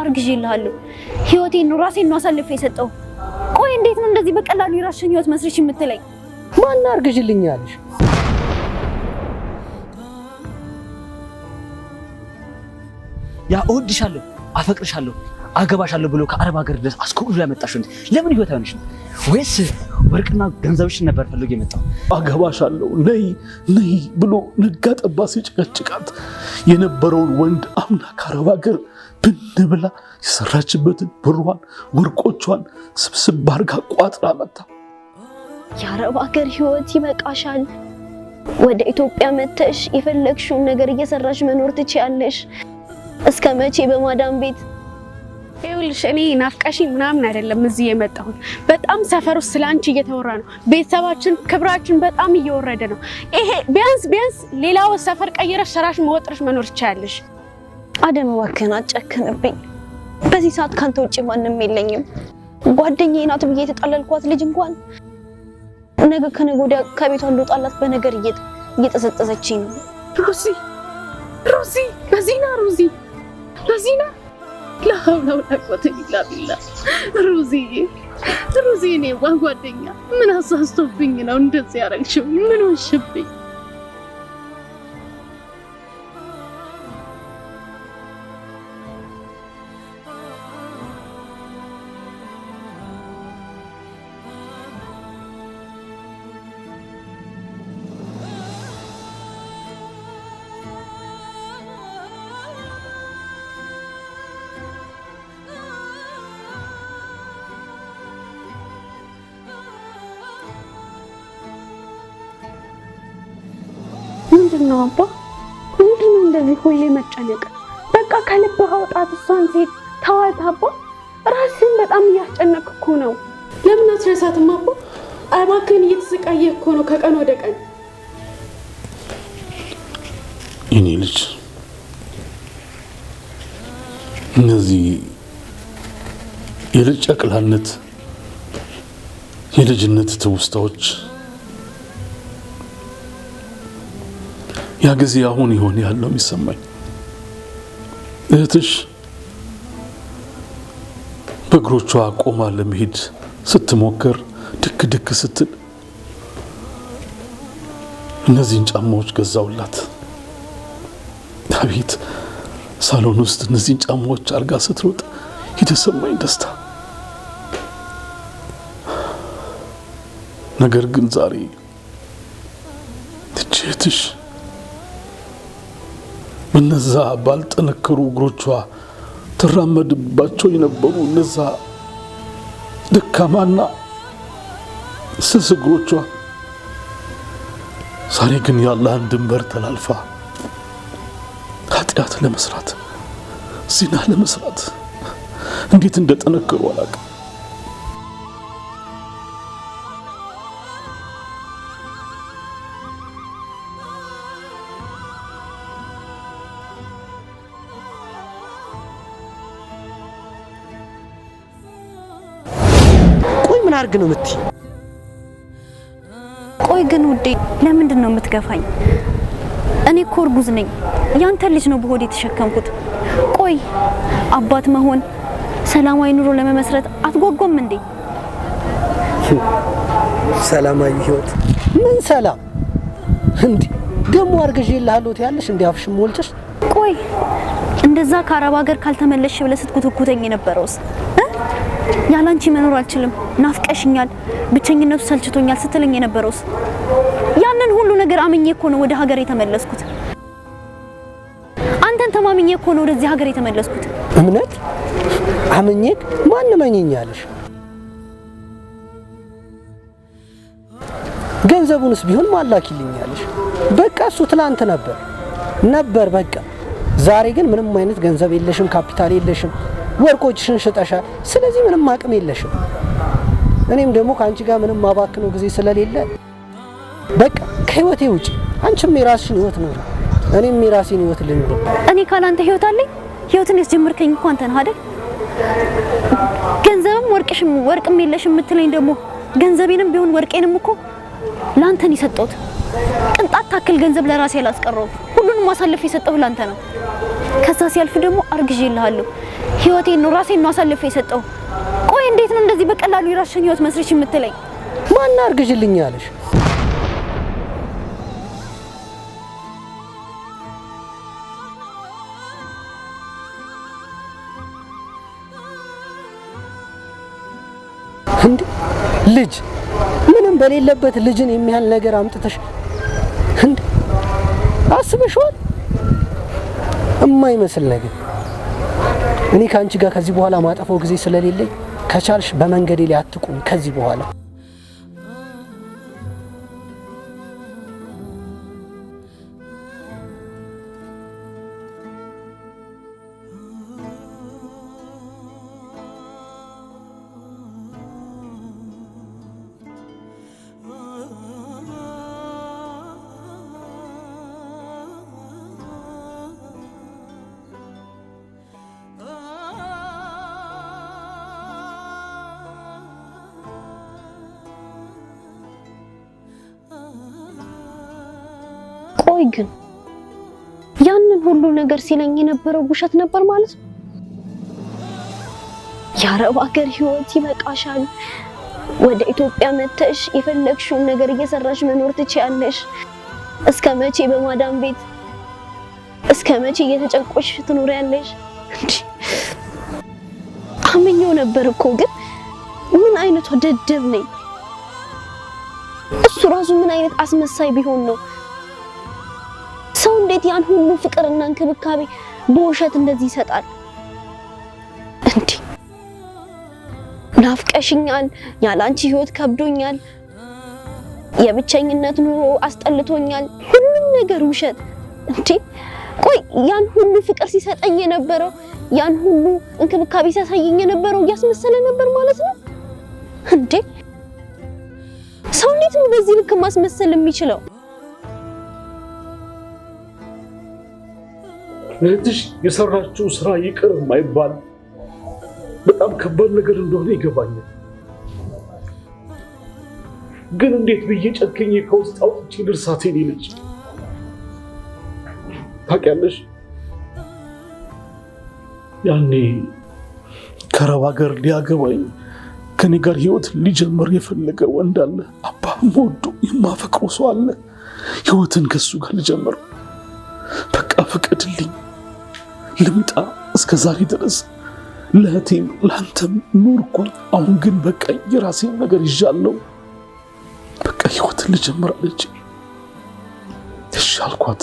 አርግዤልሃለሁ። ህይወቴን ነው ራሴን ነው አሳልፌ የሰጠው። ቆይ እንዴት ነው እንደዚህ በቀላሉ የራስሽን ህይወት መስርሽ የምትለኝ? ማን አርግዥልኝ ያለሽ? ያ እወድሻለሁ፣ አፈቅርሻለሁ፣ አገባሻለሁ ብሎ ከአረብ ሀገር ድረስ አስኮብሎ ያመጣሽ ለምን ህይወት አይሆንሽ ወይስ ወርቅና ገንዘብሽን ነበር ፈልጎ የመጣው። አገባሻለሁ ነይ ነይ ብሎ ነጋ ጠባ ሲጨቀጭቃት የነበረውን ወንድ አምና ከአረብ ሀገር ብን ብላ የሰራችበትን ብሯን ወርቆቿን ስብስብ አድርጋ ቋጥራ መታ። የአረብ ሀገር ህይወት ይበቃሻል። ወደ ኢትዮጵያ መተሽ የፈለግሽውን ነገር እየሰራሽ መኖር ትችያለሽ። እስከ መቼ በማዳም ቤት ይኸውልሽ እኔ ናፍቀሽ ምናምን አይደለም እዚህ የመጣሁት። በጣም ሰፈር ውስጥ ስለ እየተወራ ነው። ቤተሰባችን ክብራችን በጣም እየወረደ ነው። ይሄ ቢያንስ ቢያንስ ሌላው ሰፈር ቀይረሽ ስራሽን መወጥረሽ መኖር ትችያለሽ። አደም እባክህን አጨክንብኝ። በዚህ ሰዓት ካንተ ውጭ ማንም የለኝም። ጓደኛዬ ናት ብዬ የተጣለልኳት ልጅ እንኳን ነገ ከነገ ወዲያ ከቤቷ እንደወጣላት በነገር እየጠዘጠዘችኝ ነው። ሮዚ ሮዚ፣ በዚህና ሮዚ፣ በዚህና ላውላው ላቆት ቢላ ቢላ ሩዚዬ ሩዚዬ፣ እኔ ጓደኛ ምን አሳስቶብኝ ነው እንደዚህ ያረግሽው? ምን ሆንሽብኝ? ምንድን ነው አባ? ምንድን ነው እንደዚህ ሁሌ መጨነቅ? በቃ ከልብህ አውጣት እሷን ሴት ተዋት አባ። ራስህን በጣም እያስጨነቅ እኮ ነው። ለምን አስረሳትም አባ? እባክህን እየተሰቃየህ እኮ ነው ከቀን ወደ ቀን። እኔ ልጅ እነዚህ የልጅ ጨቅላነት የልጅነት ትውስታዎች ያ ጊዜ አሁን ይሆን ያለው የሚሰማኝ እህትሽ በእግሮቿ ቆማ ለመሄድ ስትሞክር ድክ ድክ ስትል እነዚህን ጫማዎች ገዛውላት። አቤት ሳሎን ውስጥ እነዚህን ጫማዎች አርጋ ስትሮጥ የተሰማኝ ደስታ። ነገር ግን ዛሬ እህትሽ እነዛ ባልጠነከሩ እግሮቿ ትራመድባቸው የነበሩ እነዛ ደካማና ስስ እግሮቿ ዛሬ ግን የአላህን ድንበር ተላልፋ ኃጢአት ለመስራት ዚና ለመስራት እንዴት እንደጠነከሩ አላውቅም። ምን አርግ ነው ምት? ቆይ ግን ውዴ ለምንድን ነው የምትገፋኝ? እኔ እኮ እርጉዝ ነኝ። ያንተ ልጅ ነው በሆድ የተሸከምኩት። ቆይ አባት መሆን ሰላማዊ ኑሮ ለመመስረት አትጓጓም እንዴ? ሰላማዊ ህይወት ምን ሰላም እንዴ? ደግሞ አርግዤልሃለሁ ያለሽ እንዴ? አፍሽ ሞልተሽ ቆይ እንደዛ ከአረብ ሀገር ካልተመለሽ ብለህ ስትኩትኩተኝ የነበረውስ ያላንቺ መኖር አልችልም፣ ናፍቀሽኛል፣ ብቸኝነቱ ሰልችቶኛል ስትለኝ የነበረውስ? ያንን ሁሉ ነገር አምኜ እኮ ነው ወደ ሀገር የተመለስኩት። አንተን ተማምኜ እኮ ነው ወደዚህ ሀገር የተመለስኩት። እምነት አምኜክ ማን መኝኛለሽ? ገንዘቡንስ ቢሆን ማላኪልኛለሽ? በቃ እሱ ትላንት ነበር ነበር፣ በቃ ዛሬ ግን ምንም አይነት ገንዘብ የለሽም፣ ካፒታል የለሽም ወርቆችሽን ሽጠሻል። ስለዚህ ምንም አቅም የለሽም። እኔም ደግሞ ከአንቺ ጋር ምንም ማባክነው ጊዜ ስለሌለ በቃ ከህይወቴ ውጪ አንቺም የራስሽን ህይወት ኑሪ፣ እኔም የራሴን ህይወት ልኑር። እኔ ካላንተ ህይወት አለኝ? ህይወትን ያስጀምርከኝ እኮ አንተ ነህ አይደል? ገንዘብም ወርቅሽም ወርቅም የለሽም የምትለኝ ደግሞ ገንዘቤንም ቢሆን ወርቄንም እኮ ላንተን የሰጠሁት ቅንጣት ታክል ገንዘብ ለራሴ አላስቀረውም። ሁሉንም አሳልፍ የሰጠሁ ላንተ ነው። ከዛ ሲያልፍ ደግሞ አርግዤልሃለሁ። ህይወቴን ነው ራሴን ነው አሳልፈ የሰጠው። ቆይ እንዴት ነው እንደዚህ በቀላሉ የራስሽን ህይወት መስርሽ የምትለኝ? ማን አርግዥልኝ ያለሽ እንዴ? ልጅ ምንም በሌለበት ልጅን የሚያህል ነገር አምጥተሽ እንዴ? አስበሽዋል? እማይመስል ነገር እኔ ከአንቺ ጋር ከዚህ በኋላ ማጠፈው ጊዜ ስለሌለኝ ከቻልሽ በመንገዴ ላይ አትቁም ከዚህ በኋላ ወይ ግን ያንን ሁሉ ነገር ሲለኝ የነበረው ውሸት ነበር ማለት ነው። የአረብ ሀገር ህይወት ይበቃሻል፣ ወደ ኢትዮጵያ መተሽ የፈለግሽውን ነገር እየሰራሽ መኖር ትችያለሽ፣ እስከ መቼ በማዳም ቤት እስከ መቼ እየተጨቆሽ ትኖሪያለሽ? አመኘው ነበር እኮ ግን ምን አይነቷ ደደብ ነኝ። እሱ ራሱ ምን አይነት አስመሳይ ቢሆን ነው እንዴት ያን ሁሉ ፍቅርና እንክብካቤ በውሸት እንደዚህ ይሰጣል? እንዲህ ናፍቀሽኛል፣ ያላንቺ ህይወት ከብዶኛል፣ የብቸኝነት ኑሮ አስጠልቶኛል፣ ሁሉም ነገር ውሸት። እንዴ ቆይ ያን ሁሉ ፍቅር ሲሰጠኝ የነበረው ያን ሁሉ እንክብካቤ ሲያሳየኝ የነበረው እያስመሰለ ነበር ማለት ነው እንዴ? ሰው እንዴት ነው በዚህ ልክ ማስመሰል የሚችለው? እህትሽ የሰራችው ስራ ይቅር የማይባል በጣም ከባድ ነገር እንደሆነ ይገባኛል። ግን እንዴት ብዬ ጨክኜ ከውስጥ አውጥቼ ድርሳቴ ነች። ታውቂያለሽ ያኔ ከረብ ሀገር ሊያገባኝ ከኔ ጋር ህይወት ሊጀምር የፈለገ ወንድ አለ። አባ መወዱ የማፈቅሮ ሰው አለ። ህይወትን ከሱ ጋር ልጀምር፣ በቃ ፍቀድልኝ ልምጣ እስከ ዛሬ ድረስ ለእህቴም ለአንተም ኖርኳ። አሁን ግን በቃ የራሴን ነገር ይዣለሁ። በቃ ህይወትን ልጀምራለች። ይሻልኳት።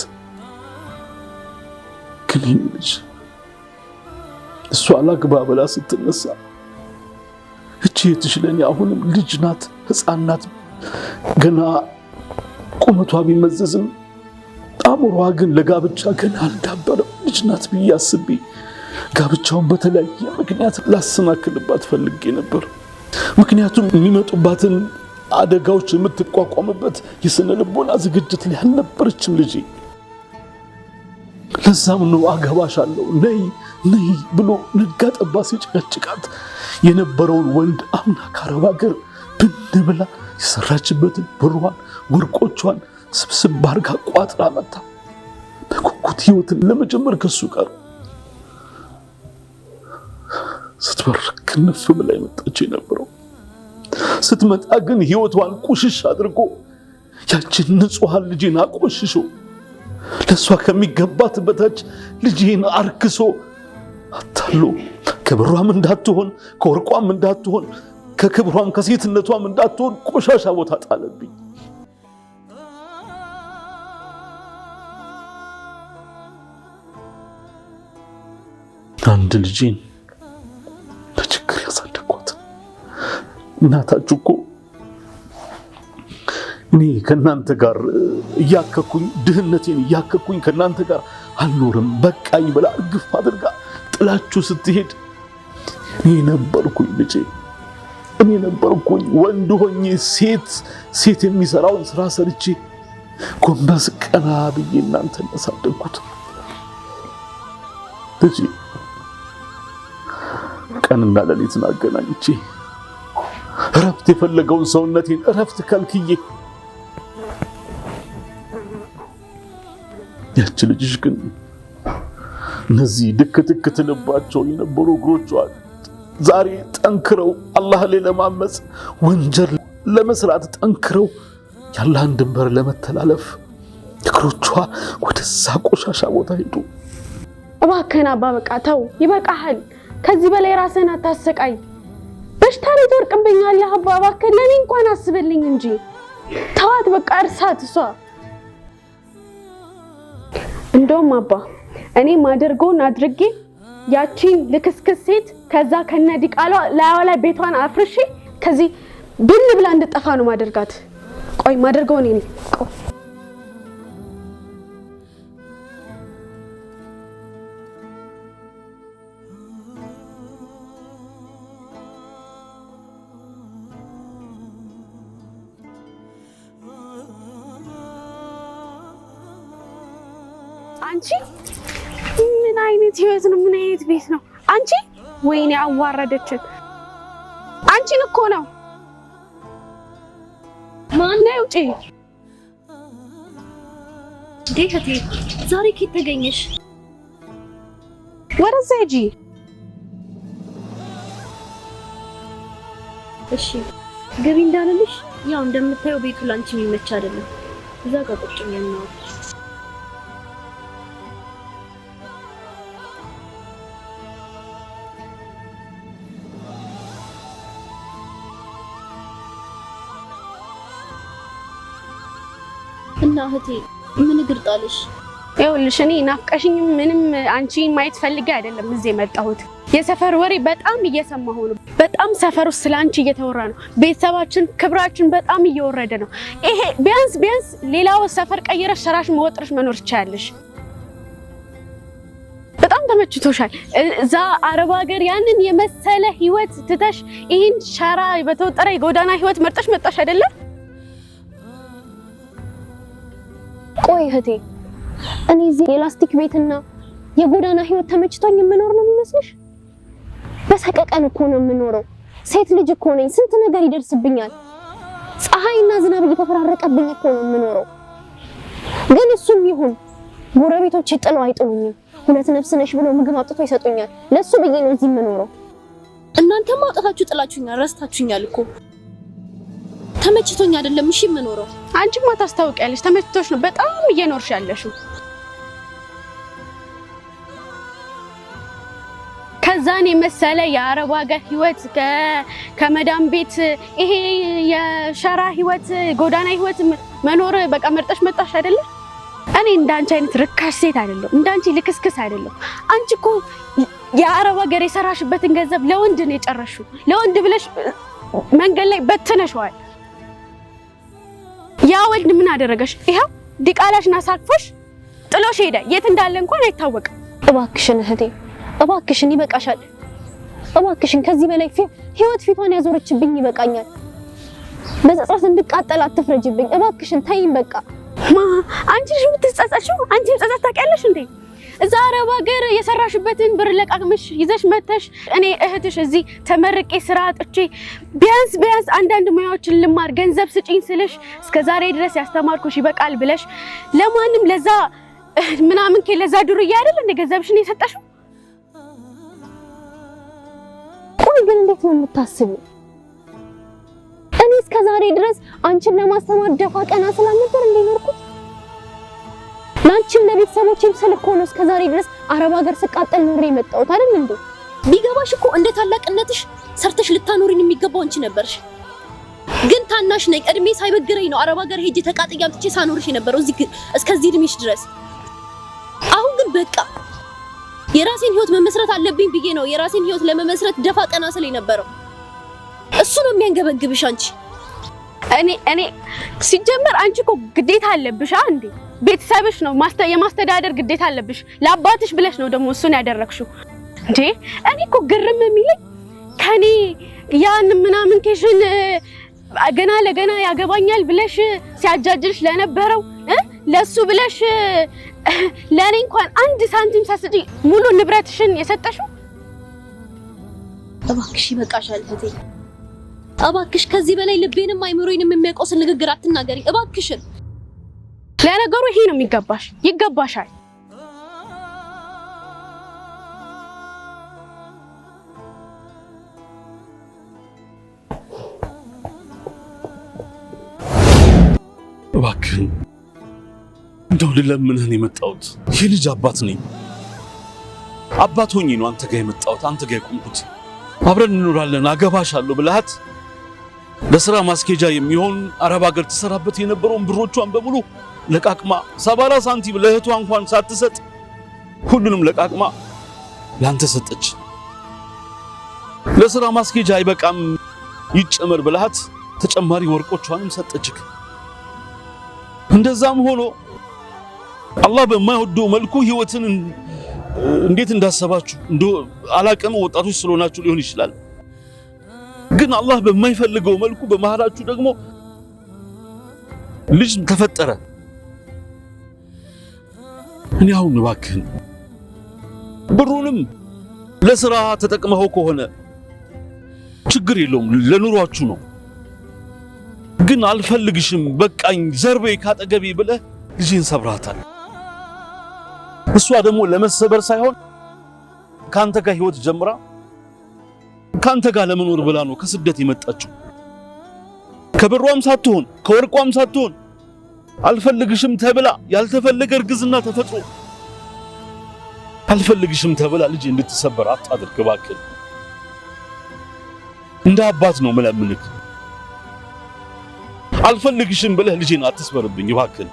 ግን ይህን ልጅ እሷ ላግባ ብላ ስትነሳ እቺ የትሽ አሁንም ልጅ ናት፣ ህፃን ናት። ገና ቁመቷ ቢመዘዝም አእምሯ ግን ለጋብቻ ገና አልዳበረም። ልጅ ናት ብዬ አስቤ ጋብቻውን በተለያየ ምክንያት ላሰናክልባት ፈልጌ ነበር። ምክንያቱም የሚመጡባትን አደጋዎች የምትቋቋምበት የስነ ልቦና ዝግጅት ላይ አልነበረችም ልጄ። ለዛም ነው አገባሻለሁ ነይ ነይ ብሎ ነጋ ጠባ ሲጨቀጭቃት የነበረውን ወንድ አምና ከአረብ ሀገር ብን ብላ የሰራችበትን ብሯን ወርቆቿን ስብስብ አርጋ ቋጥራ መታ። በጉጉት ህይወትን ለመጀመር ከሱ ጋር ስትበር ክንፍ ብላ የመጣች የነበረው ስትመጣ ግን ህይወቷን ቁሽሽ አድርጎ ያችን ንጹሐን ልጄን አቆሽሾ ለእሷ ከሚገባት በታች ልጄን አርክሶ አታሎ ከብሯም እንዳትሆን ከወርቋም እንዳትሆን ከክብሯም ከሴትነቷም እንዳትሆን ቆሻሻ ቦታ ጣለብኝ። አንድ ልጄን በችግር ያሳደግኳት እናታችሁ እኮ እኔ ከእናንተ ጋር እያከኩኝ ድህነቴን እያከኩኝ ከእናንተ ጋር አልኖርም በቃኝ ብላ እርግፍ አድርጋ ጥላችሁ ስትሄድ እኔ ነበርኩኝ ልጄ፣ እኔ ነበርኩኝ ወንድ ሆኜ ሴት ሴት የሚሰራውን ስራ ሰርቼ ጎንበስ ቀና ብዬ እናንተን ያሳደግኩት ልጄ ቀንና ሌሊትን አገናኝቼ እረፍት የፈለገውን ሰውነቴን እረፍት ከልክዬ ያች ልጅሽ ግን እነዚህ ድክትክ ትልባቸው የነበሩ እግሮቿ ዛሬ ጠንክረው አላህ ላይ ለማመፅ ወንጀል ለመስራት ጠንክረው የአላህን ድንበር ለመተላለፍ እግሮቿ ወደዛ ቆሻሻ ቦታ ሄዱ። እባክህን አባ በቃ ተው፣ ይበቃሃል። ከዚህ በላይ ራስህን አታሰቃይ። በሽታ ላይ ትወርቅብኛለህ። እባክህ ለእኔ እንኳን አስብልኝ እንጂ ተዋት፣ በቃ እርሳት። እሷ እንደውም አባ እኔ ማደርገውን አድርጌ ያቺን ልክስክስ ሴት ከዛ ከነ ዲቃሏ ላይዋ ላይ ቤቷን አፍርሼ ከዚህ ብን ብላ እንድጠፋ ነው ማደርጋት። ቆይ ማደርገውን ቤት ነው? ምን አይነት ቤት ነው? አንቺ ወይኔ አዋረደችን። አንቺን እኮ ነው። ማን ነው? ውጪ ዴሽቲ ዛሬ ኬት ተገኘሽ? ወደዛ ሂጂ። እሺ ግቢ እንዳለልሽ ያው እንደምታየው ቤቱ ላንቺ የሚመች አይደለም። እዛ ጋር ቁጭ ነው እና እህቴ ምን እግር ጣልሽ? ይኸውልሽ እኔ ናፍቀሽኝም ምንም አንቺ ማየት ፈልጌ አይደለም እዚህ የመጣሁት። የሰፈር ወሬ በጣም እየሰማሁ ነው። በጣም ሰፈር ውስጥ ስለ አንቺ እየተወራ ነው። ቤተሰባችን፣ ክብራችን በጣም እየወረደ ነው። ይሄ ቢያንስ ቢያንስ ሌላው ሰፈር ቀይረሽ ሰራሽ መወጥረሽ መኖር ትችያለሽ። በጣም ተመችቶሻል። እዛ አረብ ሀገር ያንን የመሰለ ህይወት ትተሽ ይህን ሸራ በተወጠረ የጎዳና ህይወት መርጠሽ መጣሽ አይደለም ቆይ እህቴ፣ እኔ እዚህ የላስቲክ ቤትና የጎዳና ህይወት ተመችቶኝ የምኖር ነው የሚመስልሽ? በሰቀቀን እኮ ነው የምኖረው። ሴት ልጅ እኮ ነኝ። ስንት ነገር ይደርስብኛል። ፀሐይና ዝናብ እየተፈራረቀብኝ እኮ ነው የምኖረው። ግን እሱም ይሁን ጎረቤቶች ጥለው አይጥሉኝም። ሁለት ነፍስ ነሽ ብለው ምግብ አውጥቶ ይሰጡኛል። ለሱ ብዬ ነው እዚህ የምኖረው። እናንተም አውጥታችሁ ጥላችሁኛል፣ ረስታችሁኛል እኮ ተመችቶኝ አይደለም እሺ የምኖረው። አንቺማ ታስታውቂያለሽ፣ ተመችቶሽ ነው በጣም እየኖርሽ ያለሽው። ከዛን የመሰለ የአረብ ሀገር ህይወት ከመዳም ቤት ይሄ የሸራ ህይወት፣ ጎዳና ህይወት መኖር በቃ መርጠሽ መጣሽ አይደለም። እኔ እንዳንቺ አይነት ርካሽ ሴት አይደለሁ፣ እንዳንቺ ልክስክስ አይደለሁ። አንቺ እኮ የአረብ ሀገር የሰራሽበትን ገንዘብ ለወንድ ነው የጨረሽው። ለወንድ ብለሽ መንገድ ላይ በትነሽዋል። ያ ወልድ ምን አደረገሽ? ይኸው ዲቃላሽና አሳቅፎሽ ጥሎሽ ሄደ። የት እንዳለ እንኳን አይታወቅም። እባክሽን እህቴ፣ እባክሽን ይበቃሻል። እባክሽን ከዚህ በላይ ህይወት ፊቷን ያዞረችብኝ ይበቃኛል። በጸጸት እንድቃጠል አትፍረጅብኝ እባክሽን፣ ተይኝ በቃ። ማ አንቺ ልጅ የምትጸጸሽው አንቺም ጸጸት ታውቂያለሽ እንዴ? እዛ አረብ ሀገር የሰራሽበትን ብር ለቃቅምሽ ይዘሽ መተሽ እኔ እህትሽ እዚህ ተመርቄ ስራ አጥቼ ቢያንስ ቢያንስ አንዳንድ ሙያዎችን ልማር ገንዘብ ስጪኝ ስልሽ እስከ ዛሬ ድረስ ያስተማርኩሽ ይበቃል ብለሽ ለማንም ለዛ ምናምን ኬ ለዛ ዱርዬ አይደል እንደ ገንዘብሽን የሰጠሽው። ቆይ ግን እንዴት ነው የምታስቡ? እኔ እስከ ዛሬ ድረስ አንቺን ለማስተማር ደፋ ቀና ስላልነበር እንደኖርኩት ለአንቺም ለቤተሰቦችም ስል እኮ ነው እስከዛሬ ድረስ አረብ ሀገር ስቃጠል ኖሬ የመጣሁት አይደል እንዴ? ቢገባሽ እኮ እንደ ታላቅነትሽ ሰርተሽ ልታኖሪን የሚገባው አንቺ ነበርሽ። ግን ታናሽ ነኝ፣ እድሜ ሳይበግረኝ ነው አረብ ሀገር ሄጄ ተቃጥዬ አምጥቼ ሳኖርሽ የነበረው እዚህ እስከዚህ እድሜሽ ድረስ። አሁን ግን በቃ የራሴን ህይወት መመስረት አለብኝ ብዬ ነው የራሴን ህይወት ለመመስረት ደፋ ቀና ስል የነበረው። እሱ ነው የሚያንገበግብሽ አንቺ። እኔ እኔ ሲጀመር አንቺ እኮ ግዴታ አለብሽ እንዴ ቤተሰብሽ ነው የማስተዳደር ግዴታ አለብሽ። ለአባትሽ ብለሽ ነው ደግሞ እሱን ያደረግሽው። እንዴ እኔ እኮ ግርም የሚለኝ ከኔ ያን ምናምን ኬሽን ገና ለገና ያገባኛል ብለሽ ሲያጃጅልሽ ለነበረው ለሱ ብለሽ ለኔ እንኳን አንድ ሳንቲም ሳስጪ ሙሉ ንብረትሽን የሰጠሽው። እባክሽ ይበቃሻል እህቴ፣ እባክሽ ከዚህ በላይ ልቤንም አይምሮዬንም የሚያቆስል ንግግር አትናገሪ እባክሽን። ለነገሩ ይሄ ነው የሚገባሽ፣ ይገባሻል። እባክህን እንደው ልለምንህ የመጣውት ይህ ልጅ አባት ነኝ። አባት ሆኜ ነው አንተ ጋር የመጣሁት፣ አንተ ጋር የቆምኩት። አብረን እንኖራለን፣ አገባሻለሁ ብለሃት ለስራ ማስኬጃ የሚሆን አረብ ሀገር ትሰራበት የነበረውን ብሮቿን በሙሉ ለቃቅማ ሰባራ ሳንቲም ለእህቷ እንኳን ሳትሰጥ ሁሉንም ለቃቅማ ላንተ ሰጠች። ለስራ ማስኬጃ አይበቃም ይጨመር ብልሃት ተጨማሪ ወርቆቿንም ሰጠችክ። እንደዛም ሆኖ አላህ በማይወደው መልኩ ህይወትን እንዴት እንዳሰባችሁ እንዶ አላቀም። ወጣቶች ስለሆናችሁ ሊሆን ይችላል። ግን አላህ በማይፈልገው መልኩ በመሃላችሁ ደግሞ ልጅ ተፈጠረ። እኔ አሁን እባክህን ብሩንም ለስራ ተጠቅመኸው ከሆነ ችግር የለውም ለኑሯችሁ ነው። ግን አልፈልግሽም፣ በቃኝ፣ ዘርቤ ካጠገቤ ብለህ ልጄን ሰብራታል። እሷ ደግሞ ለመሰበር ሳይሆን ካንተ ጋር ህይወት ጀምራ ካንተ ጋር ለመኖር ብላ ነው ከስደት የመጣችው። ከብሯም ሳትሆን ከወርቋም ሳትሆን አልፈልግሽም ተብላ ያልተፈለገ እርግዝና ተፈጥሮ አልፈልግሽም ተብላ ልጅ እንድትሰበር አታድርግ እባክህ። እንደ አባት ነው ምለምንክ። አልፈልግሽም ብለህ ልጄን አትስበርብኝ እባክህ።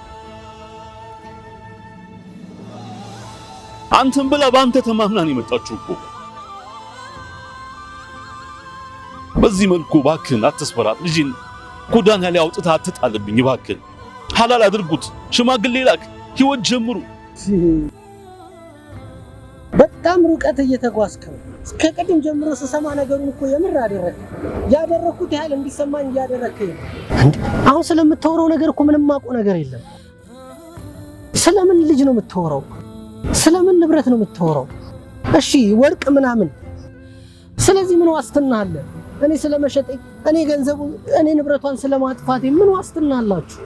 አንተም ብላ በአንተ ተማምናን የመጣችሁ እኮ በዚህ መልኩ እባክህን አትስበራት። ልጅን ጎዳና ላይ አውጥታ አትጣልብኝ እባክህ። ሀላል አድርጉት። ሽማግሌ ላክ፣ ህይወት ጀምሩ። በጣም ሩቀት እየተጓዝክ ነው። እስከ ቅድም ጀምሮ ስሰማ ነገሩን እኮ የምር አደረክ። ያደረኩት ያህል እንዲሰማኝ እያደረክ አሁን ስለምታወራው ነገር እኮ ምንም ማቆ ነገር የለም። ስለምን ልጅ ነው የምታወራው? ስለምን ንብረት ነው የምታወራው? እሺ ወርቅ ምናምን። ስለዚህ ምን ዋስትና አለ? እኔ ስለመሸጤ፣ እኔ ገንዘቡ፣ እኔ ንብረቷን ስለማጥፋቴ ምን ዋስትና አላችሁ?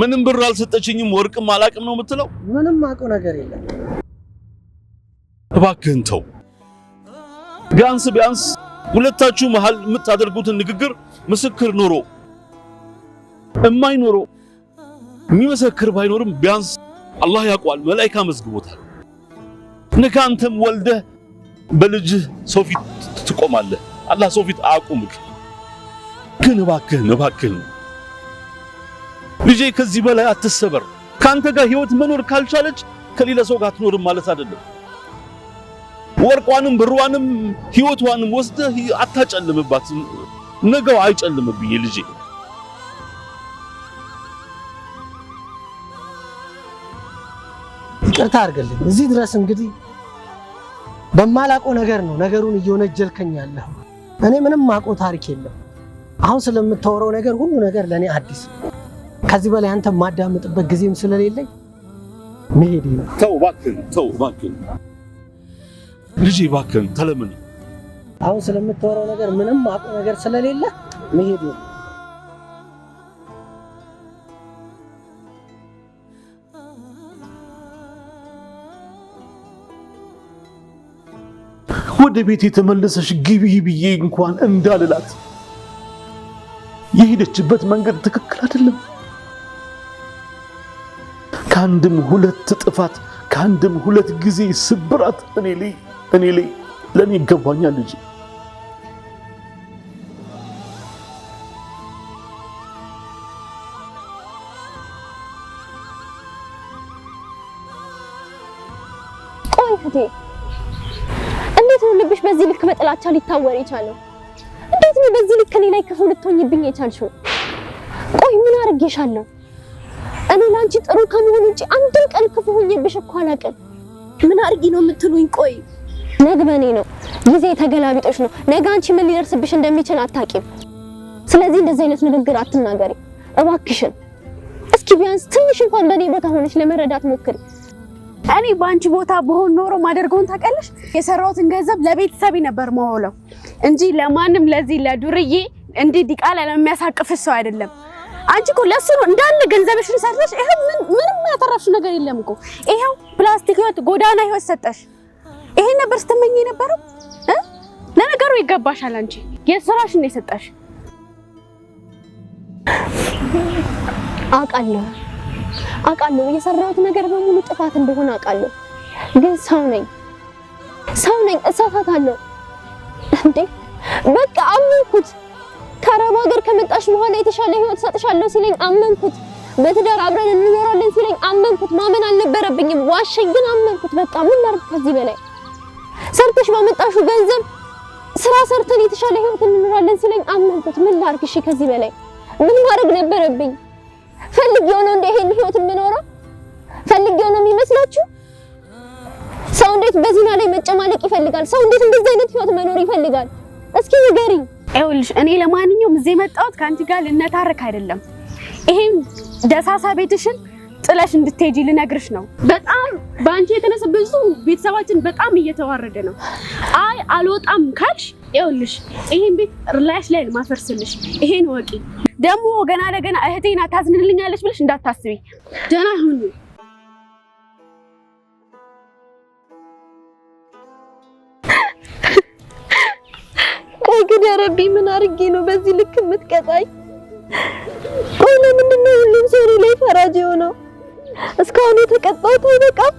ምንም ብር አልሰጠችኝም፣ ወርቅም አላቅም ነው የምትለው። ምንም አውቀው ነገር የለም። እባክህን ተው። ቢያንስ ቢያንስ ሁለታችሁ መሃል የምታደርጉትን ንግግር ምስክር ኖሮ እማይኖሮ የሚመሰክር ባይኖርም ቢያንስ አላህ ያውቀዋል፣ መላኢካ መዝግቦታል። ንካ አንተም ወልደህ በልጅህ ሰው ፊት ትቆማለህ። አላህ ሰው ፊት አያቁምክ። ግን እባክህን እባክህን ልጄ ከዚህ በላይ አትሰበር። ከአንተ ጋር ህይወት መኖር ካልቻለች ከሌላ ሰው ጋር አትኖርም ማለት አይደለም። ወርቋንም ብሯንም ህይወቷንም ወስደህ አታጨልምባት። ነገው አይጨልምብኝ ልጄ። ይቅርታ አድርግልኝ። እዚህ ድረስ እንግዲህ በማላቆ ነገር ነው ነገሩን እየወነጀልከኝ ያለኸው። እኔ ምንም ማቆ ታሪክ የለም። አሁን ስለምታወራው ነገር ሁሉ ነገር ለእኔ አዲስ ነው። ከዚህ በላይ አንተ ማዳመጥበት ጊዜም ስለሌለኝ መሄድ ነው። ተው እባክህን፣ ተው እባክህን ልጅ እባክህን፣ ተለምን። አሁን ስለምትወራው ነገር ምንም አቁ ነገር ስለሌለ መሄድ ነው። ወደ ቤት የተመለሰሽ ግቢ ብዬ እንኳን እንዳልላት የሄደችበት መንገድ ትክክል አይደለም። ከአንድም ሁለት ጥፋት ከአንድም ሁለት ጊዜ ስብራት እኔ ላይ እኔ ላይ ለእኔ ይገባኛል ልጅ ቆይ እንዴት ነው ልብሽ በዚህ ልክ በጥላቻ ሊታወር የቻለው እንዴት ነው በዚህ ልክ እኔ ላይ ክፉ ልትሆኝብኝ የቻልሽው ቆይ ምን አድርጌሻለሁ እኔ ለአንቺ ጥሩ ከመሆን ውጭ አንድም ቀን ክፉ ሆኜብሽ እኮ አላውቅም። ምን አድርጊ ነው የምትሉኝ? ቆይ ነግበኔ ነው፣ ጊዜ ተገላቢጦች ነው። ነገ አንቺ ምን ሊደርስብሽ እንደሚችል አታውቂም። ስለዚህ እንደዚህ አይነት ንግግር አትናገሪ እባክሽን። እስኪ ቢያንስ ትንሽ እንኳን በእኔ ቦታ ሆነች ለመረዳት ሞክሪ። እኔ በአንቺ ቦታ በሆን ኖሮ ማደርገውን ታውቂያለሽ። የሰራሁትን ገንዘብ ለቤተሰቤ ነበር መሆለው እንጂ ለማንም ለዚህ ለዱርዬ እንዲህ ዲቃላ ለሚያሳቅፍሽ ሰው አይደለም። አንቺ እኮ ለሱ ነው እንዳለ ገንዘብሽን ሰጥተሽ፣ ምን ምንም ያተረፍሽው ነገር የለም እኮ ይሄው ፕላስቲክ ህይወት፣ ጎዳና ህይወት ሰጠሽ። ይሄ ነበር ስትመኝ የነበረው? ለነገሩ ይገባሻል። አንቺ የስራሽን ነው የሰጠሽ። አውቃለሁ አውቃለሁ የሰራሁት ነገር በሙሉ ጥፋት እንደሆነ አውቃለሁ። ግን ሰው ነኝ ሰው ነኝ እሳሳታለሁ። እንዴ በቃ አመንኩት። ከአረብ ሀገር ከመጣሽ በኋላ የተሻለ ህይወት ሰጥሻለሁ ሲለኝ አመንኩት። በትዳር አብረን እንኖራለን ሲለኝ አመንኩት። ማመን አልነበረብኝም፣ ዋሸኝ፣ ግን አመንኩት። በቃ ምን ላድርግ ከዚህ በላይ ሰርተሽ ባመጣሹ ገንዘብ ስራ ሰርተን የተሻለ ህይወት እንኖራለን ሲለኝ አመንኩት። ምን ላድርግ? እሺ ከዚህ በላይ ምን ማድረግ ነበረብኝ? ፈልግ የሆነው እንደ ይሄን ህይወት የምኖረው? ፈልግ የሆነው የሚመስላችሁ? ሰው እንዴት በዚህና ላይ መጨማለቅ ይፈልጋል? ሰው እንዴት እንደዚህ አይነት ህይወት መኖር ይፈልጋል? እስኪ ንገሪኝ። ይኸውልሽ እኔ ለማንኛውም እዚህ የመጣሁት ከአንቺ ጋር ልነታረክ አይደለም። ይሄን ደሳሳ ቤትሽን ጥለሽ እንድትሄጂ ልነግርሽ ነው። በጣም በአንቺ የተነሳ ብዙ ቤተሰባችን በጣም እየተዋረደ ነው። አይ አልወጣም ካልሽ ይኸውልሽ ይሄን ቤት ላይሽ ላይ ማፈርስልሽ። ይሄን ወቂ ደግሞ ገና ለገና እህቴን ታዝንልኛለች ብለሽ እንዳታስቢ። ደህና ሁኚ። አለብኝ? ምን አድርጌ ነው በዚህ ልክ የምትቀጣኝ? ቆይ ለምንድን ነው ሁሉም ሰው እኔ ላይ ፈራጅ የሆነው? እስካሁን የተቀጣሁት አይበቃም?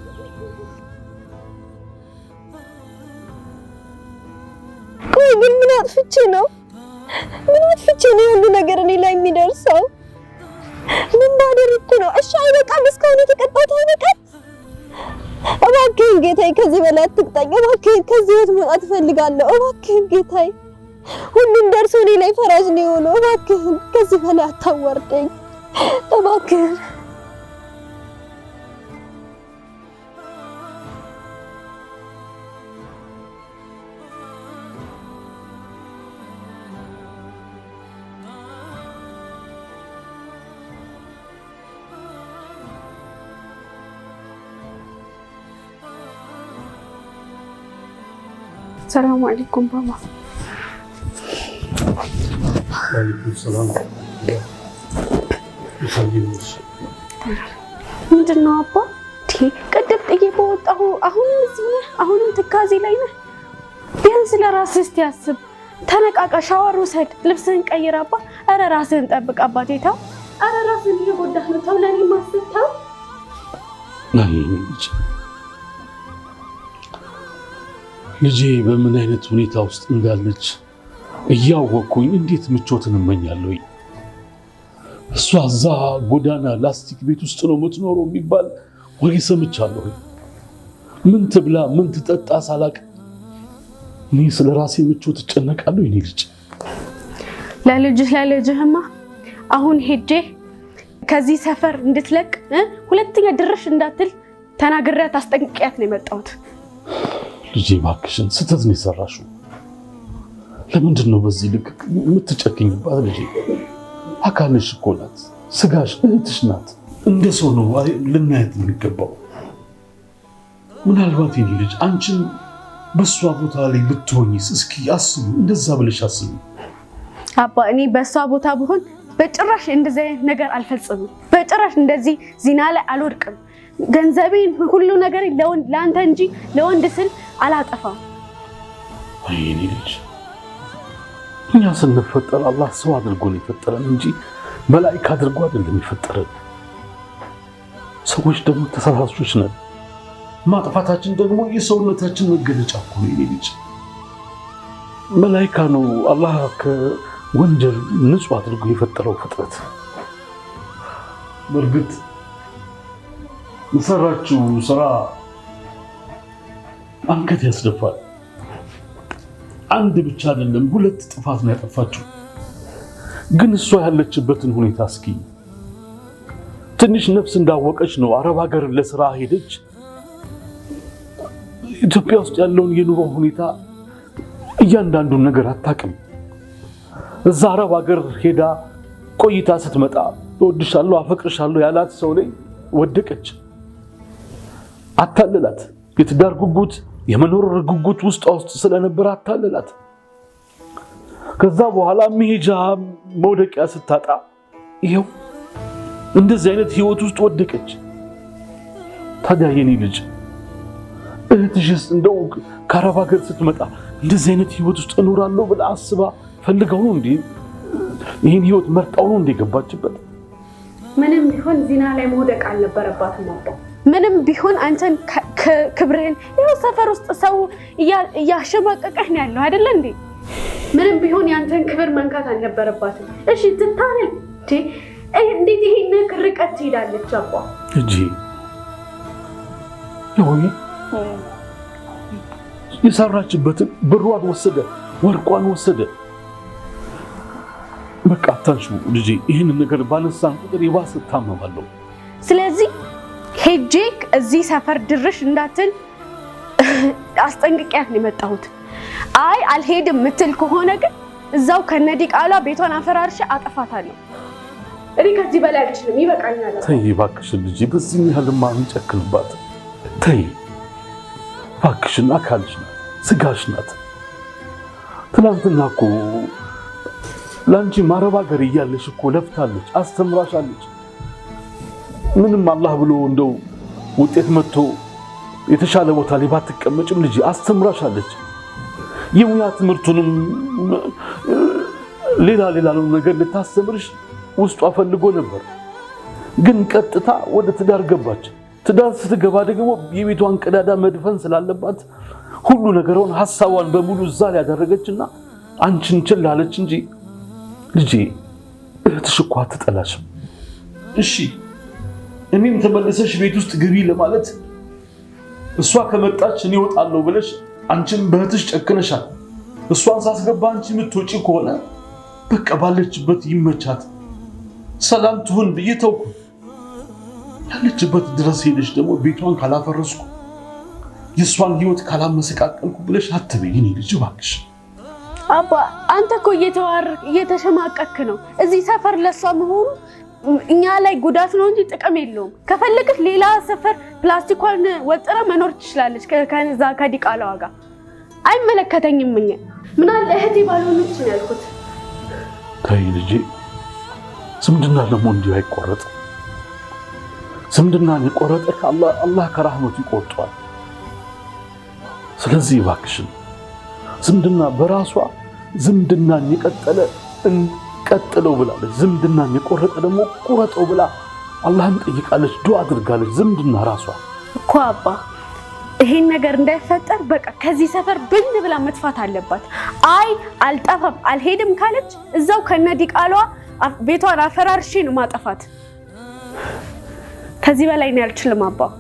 ቆይ ግን ምን አጥፍቼ ነው? ምን አጥፍቼ ነው ሁሉ ነገር እኔ ላይ የሚደርሰው? ምን ባደረኩ ነው? እሺ አይበቃም? እስካሁን የተቀጣሁት አይበቃም? እባክህን ጌታዬ ከዚህ በላይ አትቅጣኝ። እባክህን ከዚህ ህይወት መውጣት እፈልጋለሁ። እባክህን ጌታዬ ሁሉም ደርሶ እኔ ላይ ፈራጅ ነው የሆነው። እባክህን ከዚህ በላይ አታዋርደኝ እባክህን። ሰላም አለይኩም ባባ ምንድን ነው አባ? ቅድም ጥዬ በወጣሁ አሁንም እዚህ ነህ? አሁንም ትካዜ ላይ ነህ? ቢያንስ ለራስህ እስኪ አስብ። ተነቃቃ፣ ሻወር ውሰድ፣ ልብስህን ቀይር። አባ ኧረ ራስህን ጠብቅ አባቴ። ተው፣ ኧረ ራስህን እየጎዳህ ነው። ተው፣ ለእኔ ማስብ። ተው ልጄ በምን አይነት ሁኔታ ውስጥ እንዳለች እያወቅኩኝ እንዴት ምቾትን እመኛለሁ። እሷ እዛ ጎዳና ላስቲክ ቤት ውስጥ ነው የምትኖረው የሚባል ወሬ ሰምቻለሁ። ምን ትብላ ምን ትጠጣ ሳላቅ እኔ ስለ ራሴ ምቾት እጨነቃለሁ። ይኔ ልጅ ለልጅህ ለልጅህማ አሁን ሄጄ ከዚህ ሰፈር እንድትለቅ ሁለተኛ ድርሽ እንዳትል ተናግሬያት አስጠንቅቂያት ነው የመጣሁት። ልጄ እባክሽን ስህተት ነው የሰራሽው። ለምንድን ነው በዚህ ልክ የምትጨክኝባት? ልጅ አካልሽ እኮ ናት፣ ስጋሽ እህትሽ ናት። እንደ ሰው ነው ልናየት የሚገባው። ምናልባት ይህ ልጅ አንቺን በእሷ ቦታ ላይ ብትሆኝስ? እስኪ አስቡ፣ እንደዛ ብለሽ አስቡ። አባ እኔ በእሷ ቦታ ብሆን በጭራሽ እንደዚህ አይነት ነገር አልፈጽምም። በጭራሽ እንደዚህ ዜና ላይ አልወድቅም። ገንዘቤን፣ ሁሉ ነገር ለአንተ እንጂ ለወንድ ስል አላጠፋም። ይሄ ልጅ እኛ ስንፈጠር አላህ ሰው አድርጎ ነው የፈጠረን እንጂ መላኢካ አድርጎ አይደለም የፈጠረን። ሰዎች ደግሞ ተሳሳቾች ነን። ማጥፋታችን ደግሞ የሰውነታችን መገለጫ እኮ ነው። ልጅ መላኢካ ነው አላህ ከወንጀል ንጹህ አድርጎ የፈጠረው ፍጥረት። በእርግጥ የሰራችው ስራ አንገት ያስደፋል። አንድ ብቻ አይደለም ሁለት ጥፋት ነው ያጠፋችው። ግን እሷ ያለችበትን ሁኔታ እስኪ ትንሽ ነፍስ እንዳወቀች ነው አረብ ሀገር ለስራ ሄደች። ኢትዮጵያ ውስጥ ያለውን የኑሮ ሁኔታ እያንዳንዱን ነገር አታውቅም። እዛ አረብ ሀገር ሄዳ ቆይታ ስትመጣ እወድሻለሁ፣ አፈቅርሻለሁ ያላት ሰው ላይ ወደቀች። አታለላት። የትዳር ጉጉት የመኖር ጉጉት ውስጥ ውስጥ ስለነበር አታለላት። ከዛ በኋላ መሄጃ መውደቂያ ስታጣ ይኸው እንደዚህ አይነት ህይወት ውስጥ ወደቀች። ታዲያ የኔ ልጅ እህትሽስ እንደው ከአረብ ሀገር ስትመጣ እንደዚህ አይነት ህይወት ውስጥ እኖራለሁ ብላ አስባ ፈልገው ነው እንዴ? ይህን ህይወት መርጣው ነው እንደገባችበት? ምንም ቢሆን ዜና ላይ መውደቅ አልነበረባትም። ምንም ቢሆን አንተን ክብርህን ይኸው ሰፈር ውስጥ ሰው እያሸማቀቀህ ነው ያለው አይደለ እንዴ? ምንም ቢሆን ያንተን ክብር መንካት አልነበረባትም። እሺ ትታለል እንዴት ይሄን ርቀት ትሄዳለች? አቋ እጂ ይሁን የሰራችበትን ብሯን ወሰደ፣ ወርቋን ወሰደ። በቃ አታንሺው ልጄ። ይህንን ነገር ባነሳን ቁጥር የባሰ ታመማለሁ። ስለዚህ ሄጄ እዚህ ሰፈር ድርሽ እንዳትል አስጠንቅቂያት ነው የመጣሁት። አይ አልሄድም ምትል ከሆነ ግን እዛው ከነዲ ቃሏ ቤቷን አፈራርሼ አጠፋታለሁ። እኔ ከዚህ በላይ አልችልም፣ ይበቃኛል። ተይ እባክሽ ልጅ፣ በዚህ ያህል ማንጨክንባት። ተይ እባክሽን፣ አካልሽ ናት፣ ስጋሽ ናት። ትናንትና እኮ ለአንቺ ማረብ ሀገር እያለሽ እኮ ለፍታለች፣ አስተምራሻለች ምንም አላህ ብሎ እንደው ውጤት መጥቶ የተሻለ ቦታ ላይ ባትቀመጭም ልጅ አስተምራሻለች። የሙያ ትምህርቱንም ሌላ ሌላ ነገር ልታስተምርሽ ውስጧ ፈልጎ ነበር፣ ግን ቀጥታ ወደ ትዳር ገባች። ትዳር ስትገባ ደግሞ የቤቷን ቀዳዳ መድፈን ስላለባት ሁሉ ነገሯን ሀሳቧን በሙሉ እዛ ላይ ያደረገችና አንቺን ችላለች እንጂ ልጄ እህትሽ እኮ አትጠላሽም። እሺ እኔም ተመልሰሽ ቤት ውስጥ ግቢ ለማለት እሷ ከመጣች እኔ እወጣለሁ ብለሽ አንቺም በእህትሽ ጨክነሻል። እሷን ሳስገባ አንቺ የምትወጪ ከሆነ በቃ ባለችበት ይመቻት ሰላም ትሁን ብዬ ተውኩ። ያለችበት ድረስ ሄደች ደግሞ ቤቷን ካላፈረስኩ የእሷን ህይወት ካላመሰቃቀልኩ ብለሽ አትበይኝ ልጅ እባክሽ። አባ አንተ እኮ እየተዋር እየተሸማቀክ ነው። እዚህ ሰፈር ለእሷ መሆኑ እኛ ላይ ጉዳት ነው እንጂ ጥቅም የለውም። ከፈለግሽ ሌላ ሰፈር ፕላስቲኳን ወጥረ መኖር ትችላለች። ከዛ ከዲቃላዋ ጋር አይመለከተኝም። እኛ ምን አለ እህቴ ባልሆነች ነው ያልኩት። ተይ ልጄ፣ ዝምድና ደግሞ እንዲሁ አይቆረጥም። ዝምድናን የቆረጠ አላህ ከራህመቱ ይቆርጧል። ስለዚህ እባክሽን ዝምድና በራሷ ዝምድናን የቀጠለ ቀጥለው ብላለች። ዝምድናን የቆረጠ ደግሞ ቁረጠው ብላ አላህን ጠይቃለች፣ ዱዓ አድርጋለች። ዝምድና ራሷ እኮ አባ ይሄን ነገር እንዳይፈጠር በቃ ከዚህ ሰፈር ብን ብላ መጥፋት አለባት። አይ አልጠፋም አልሄድም ካለች እዛው ከነዲ ቃሏ ቤቷን አፈራርሼ ነው ማጠፋት። ከዚህ በላይ ነው ያልችልም አባ